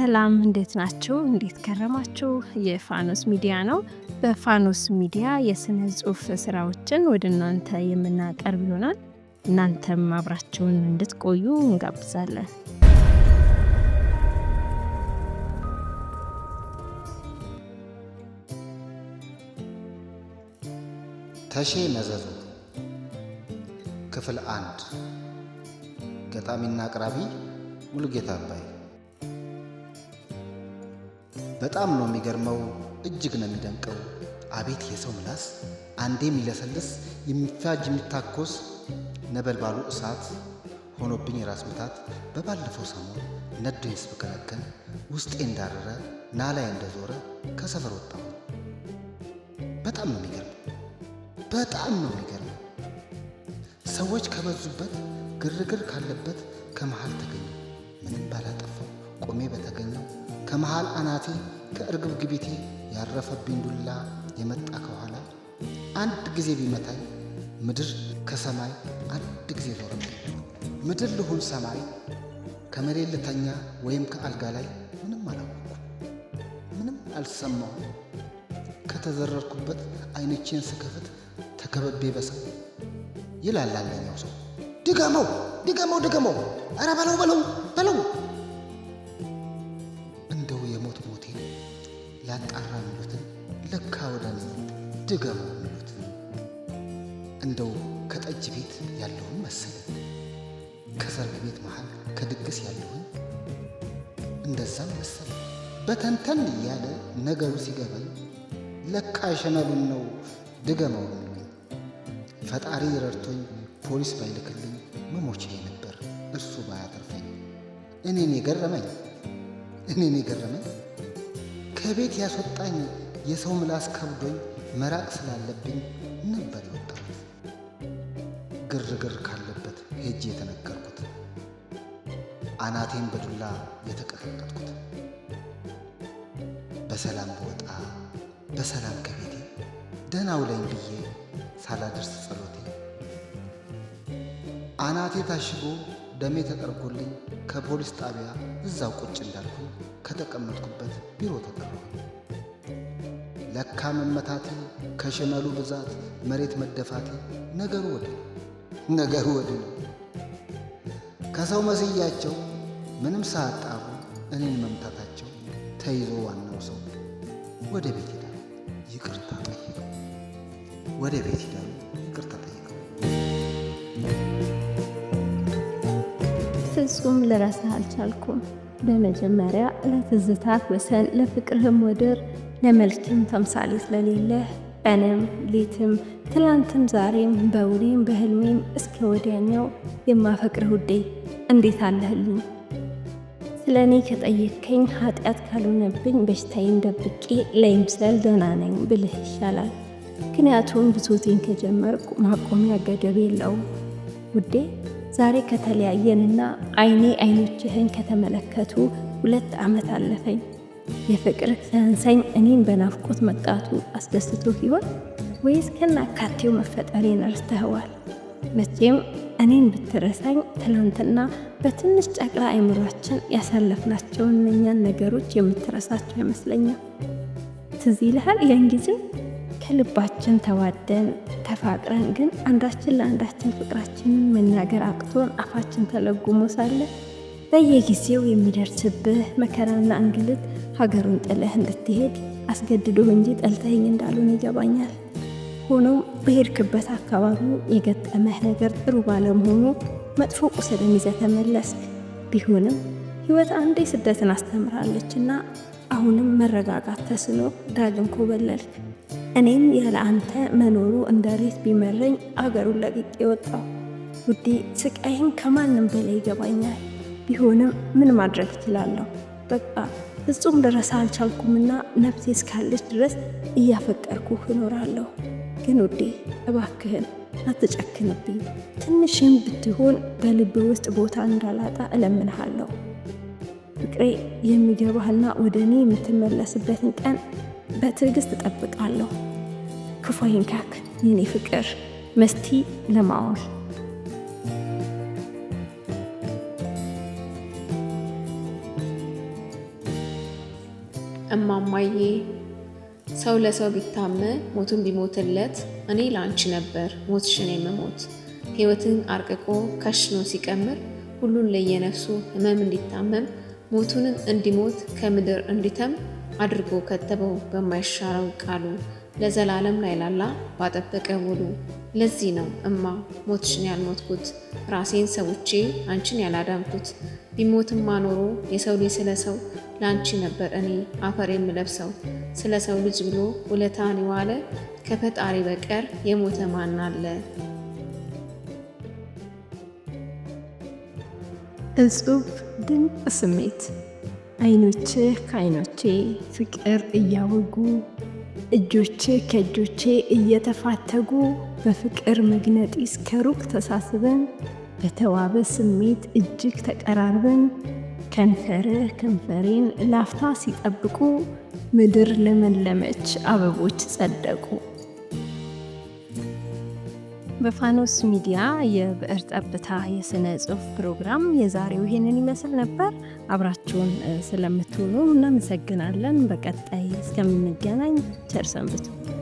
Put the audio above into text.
ሰላም እንዴት ናችሁ? እንዴት ከረማችሁ? የፋኖስ ሚዲያ ነው። በፋኖስ ሚዲያ የስነ ጽሁፍ ስራዎችን ወደ እናንተ የምናቀርብ ይሆናል። እናንተም አብራችሁን እንድትቆዩ እንጋብዛለን። ተሼ መዘዙ ክፍል አንድ ገጣሚና አቅራቢ ሙሉጌታ አባይ በጣም ነው የሚገርመው፣ እጅግ ነው የሚደንቀው። አቤት የሰው ምላስ አንዴ የሚለሰልስ የሚፋጅ የሚታኮስ ነበልባሉ እሳት ሆኖብኝ የራስ ምታት በባለፈው ሰሞን ነዶኝ ስብከነከን ውስጤ እንዳረረ ናላይ እንደዞረ ከሰፈር ወጣሁ። በጣም ነው የሚገርመው፣ በጣም ነው የሚገርመው። ሰዎች ከበዙበት ግርግር ካለበት ከመሃል ተገኘ ምንም ባላጠፋው ቆሜ በተገኘው ከመሃል አናቴ ከእርግብ ግቢቴ ያረፈብኝ ዱላ የመጣ ከኋላ አንድ ጊዜ ቢመታኝ ምድር ከሰማይ አንድ ጊዜ ዞረብኝ። ምድር ልሁን ሰማይ ከመሬት ልተኛ ወይም ከአልጋ ላይ ምንም አላወቅኩ፣ ምንም አልሰማሁ። ከተዘረርኩበት አይኖቼን ስከፍት ተከበቤ በሰው ይላል አንደኛው ሰው። ድገመው ድገመው ድገመው! ኧረ በለው በለው በለው ያጣራ ሚሉትን ለካ ወደ ድገሙ ሚሉት እንደው ከጠጅ ቤት ያለውን መሰለኝ ከሰርግ ቤት መሃል ከድግስ ያለውን እንደዛም መሰለኝ። በተንተን እያለ ነገሩ ሲገባኝ ለካ ሸነሉን ነው ድገመው ሚሉኝ። ፈጣሪ ረድቶኝ ፖሊስ ባይልክልኝ መሞቼ ነበር እርሱ ባያተርፈኝ። እኔን የገረመኝ እኔን የገረመኝ ከቤት ያስወጣኝ የሰው ምላስ ከብዶኝ መራቅ ስላለብኝ ነበር የወጣሁት። ግርግር ካለበት ሄጅ የተነገርኩት፣ አናቴን በዱላ የተቀጠቀጥኩት፣ በሰላም በወጣ በሰላም ከቤቴ ደህና ውለኝ ብዬ ሳላደርስ ጸሎቴ አናቴ ታሽጎ ደሜ ተጠርጎልኝ ከፖሊስ ጣቢያ እዛው ቁጭ እንዳልኩ ከተቀመጥኩበት ቢሮ ተጠራሁ። ለካ መመታቴ ከሽመሉ ብዛት መሬት መደፋቴ ነገሩ ወደ ነገሩ ወደ ነው። ከሰው መስያቸው ምንም ሳያጣሩ እኔን መምታታቸው ተይዞ ዋናው ሰው ወደ ቤት ሄዳሉ ይቅርታ ጠይቀው ወደ ቤት ሄዳሉ ይቅርታ ጠይቀው በፍጹም ልረሳ አልቻልኩም። በመጀመሪያ ለትዝታት ወሰን፣ ለፍቅርህም ወደር፣ ለመልክም ተምሳሌት ለሌለህ ቀንም ሌትም ትላንትም ዛሬም በውሌም በህልሜም እስከ ወዲያኛው የማፈቅርህ ውዴ እንዴት አለህልኝ? ስለ እኔ ከጠየቅከኝ ኃጢአት ካልሆነብኝ በሽታዬን ደብቄ ለይምሰል ደህና ነኝ ብልህ ይሻላል። ምክንያቱም ብሶቴን ከጀመርኩ ማቆሚያ ገደብ የለውም ውዴ ዛሬ ከተለያየንና አይኔ አይኖችህን ከተመለከቱ ሁለት ዓመት አለፈኝ። የፍቅር ሰንሰኝ እኔን በናፍቆት መጣቱ አስደስቶ ይሆን ወይስ ከናካቴው መፈጠሬን ረስተኸዋል? መቼም እኔን ብትረሳኝ ትናንትና በትንሽ ጨቅላ አይምሯችን ያሳለፍናቸውን እነኛን ነገሮች የምትረሳቸው አይመስለኛል። ትዝ ይልሃል ያን ጊዜ ከልባችን ተዋደን ተፋቅረን ግን አንዳችን ለአንዳችን ፍቅራችንን መናገር አቅቶን አፋችን ተለጉሞ ሳለ በየጊዜው የሚደርስብህ መከራና እንግልት ሀገሩን ጥለህ እንድትሄድ አስገድዶ እንጂ ጠልተኝ እንዳሉን ይገባኛል። ሆኖም በሄድክበት አካባቢ የገጠመህ ነገር ጥሩ ባለመሆኑ መጥፎ ቁስልን ይዘህ ተመለስክ። ቢሆንም ሕይወት አንዴ ስደትን አስተምራለችና አሁንም መረጋጋት ተስኖ ዳግም ኮበለልክ። እኔም ያለ አንተ መኖሩ እንደ ሬት ቢመረኝ አገሩን ለቅቄ ወጣሁ። ውዴ ስቃይን ከማንም በላይ ይገባኛል። ቢሆንም ምን ማድረግ እችላለሁ? በቃ ፍጹም ልረሳ አልቻልኩምና ነፍሴ እስካለች ድረስ እያፈቀርኩ እኖራለሁ። ግን ውዴ እባክህን አትጨክንብኝ። ትንሽም ብትሆን በልብ ውስጥ ቦታ እንዳላጣ እለምንሃለሁ። ፍቅሬ የሚገባህና ወደ እኔ የምትመለስበትን ቀን በትዕግስት እጠብቃለሁ። ክፉ አይንካክ የኔ ፍቅር መስቲ ለማወል እማማዬ ሰው ለሰው ቢታመ ሞቱን ቢሞትለት እኔ ለአንቺ ነበር ሞትሽን የምሞት ሕይወትን አርቅቆ ከሽኖ ሲቀምር ሁሉን ለየነፍሱ ህመም እንዲታመም ሞቱንም እንዲሞት ከምድር እንዲተም አድርጎ ከተበው በማይሻረው ቃሉ ለዘላለም ላይላላ ባጠበቀ ውሉ። ለዚህ ነው እማ ሞትሽን ያልሞትኩት ራሴን ሰውቼ አንቺን ያላዳንኩት። ቢሞትማ ኖሮ የሰው ልጅ ስለ ሰው ለአንቺ ነበር እኔ አፈር የምለብሰው። ስለ ሰው ልጅ ብሎ ውለታን የዋለ ከፈጣሪ በቀር የሞተ ማን አለ? እጹብ ድንቅ ስሜት አይኖችህ ከአይኖቼ ፍቅር እያወጉ እጆችህ ከእጆቼ እየተፋተጉ በፍቅር መግነጢስ ከሩቅ ተሳስበን በተዋበ ስሜት እጅግ ተቀራርበን ከንፈርህ ከንፈሬን ላፍታ ሲጠብቁ ምድር ለመለመች አበቦች ጸደቁ። በፋኖስ ሚዲያ የብዕር ጠብታ የስነ ጽሁፍ ፕሮግራም የዛሬው ይሄንን ይመስል ነበር። አብራችሁን ስለምትውሉ እናመሰግናለን። በቀጣይ እስከምንገናኝ ቸር ሰንብቱ።